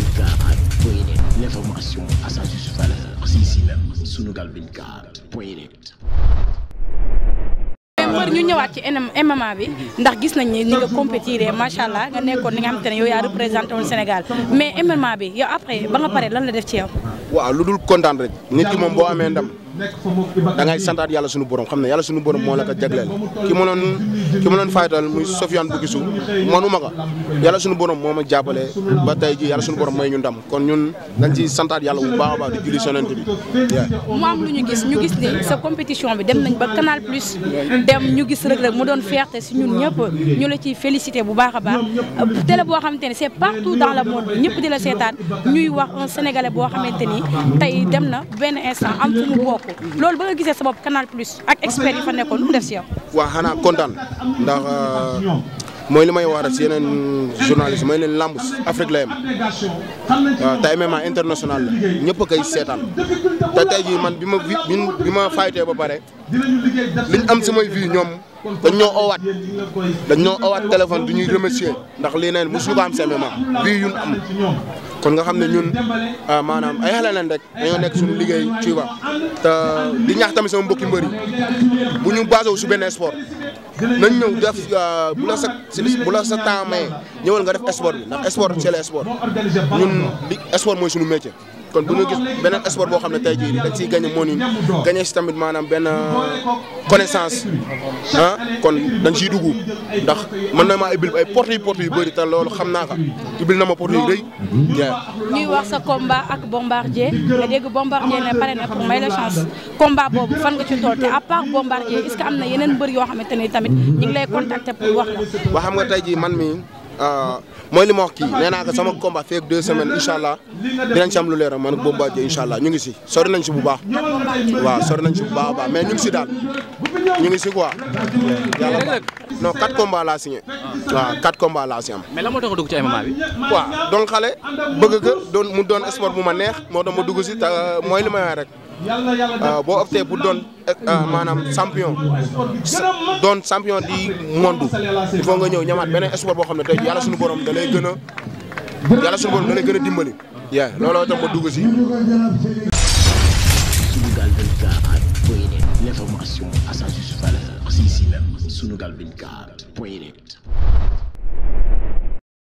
sunugal24.net l'information à sa juste valeur si si la sunugal24.net mbër ñu ñëwaat ci MMA bi ndax gis nañ ni nga compétiré macha allah nga nekkoon ni nga xamante ne yow yaa représenté woon Sénégal mais MMA bi yow après ba nga pare lan la def ci yow. waaw lu dul kontaan rek nit moom boo amee ndam. da ngay santaat yàlla sunu borom xam ne yàlla sunu borom moo la ko jagleel ki ma doon ki ma doon muy Sofiane bu gisu manuma ko yàlla sunu borom moo ma jàppale ba tey ji yàlla sunu borom may ñu ndam kon a baax di julli sonent ñu gis ñu gis ni sa compétition bi dem nañ ba Canal Plus dem ñu gis Reug Reug mu doon fierté si ñun ñëpp ñu la ciy félicité bu baax a baax télé boo xamante ni c'est partout dans le monde ñëpp di la seetaan ñuy wax un sénégalais boo xamante ni tey dem na benn loolu ba nga gisee sa bopp Canal Plus ak experts yi fa nekkoon lu def si yow waaw xanaa kontaan ndax euh, mooy li may wax rek si yeneen journaliste mooy leen làmb Afrique la yem waaw tey international la ñëpp a koy seetaan te tey jii man bi ma bi ma ba pare liñ am samay vie ñoom dañ ñoo owaat dañ ñoo owaat téléphone du ñuy remercier ndax lii neen mosuñu ko am seen bii yun am kon nga xam ne ñun ah, maanaam ay xale lañ rek dañoo nekk suñu liggéey ci ba te di ñaax tamit sama mbokki mbër yi bu ñu basé wu su benn sport nañ ñëw def ah, bu la sa bu la sa temps maye ñëwal nga ref sport bi ndax sport c'est le sport ñun li sport mooy suñu métier. kon bu ñu gis beneen sport boo xam ne tey jii dañ siy gagné monine gagné si tamit maanaam benn connaissance ah kon dañ siy duggu ndax man na maa ubbil ay porte yu porte yu bëri te loolu xam naa ko ubbil na ma porte yu rëy jaay. ñuy wax sa combat ak bombardier nga dégg bombardier ne pare na pour may la chance combat boobu fan nga ci tool te à part bombardier est-ce am na yeneen mbër yoo xamante ne tamit ñu lay contacter pour wax la. xam nga tey jii man mi Euh, mooy li ma wax kii nee naa ko sama combat feeg deux semaines incha allah dinañ si am lu leer man ak Bombardier incha allah ñu ngi si sori nañ si bu baax waaw sori nañ si bu baax a baax mais ñu ngi si daal ñu ngi si quoi. yàlla baax non quatre combats laa signé. waaw quatre combats laa si am. mais lan moo tax a dugg ci MMA bi. waaw don xale bëgg ko doon mu doon sport bu ma neex moo tax ma dugg si te euh, mooy li ma rek. Euh, boo opté pour doon euh, euh, maanaam champion doon champion di monde il faut nga ñëw ñamaat beneen sport boo xam ne tey yàlla suñu borom da lay gën a yàlla suñu borom da lay gën a dimbali yaa looloo tax ma dugg si Sunugal 24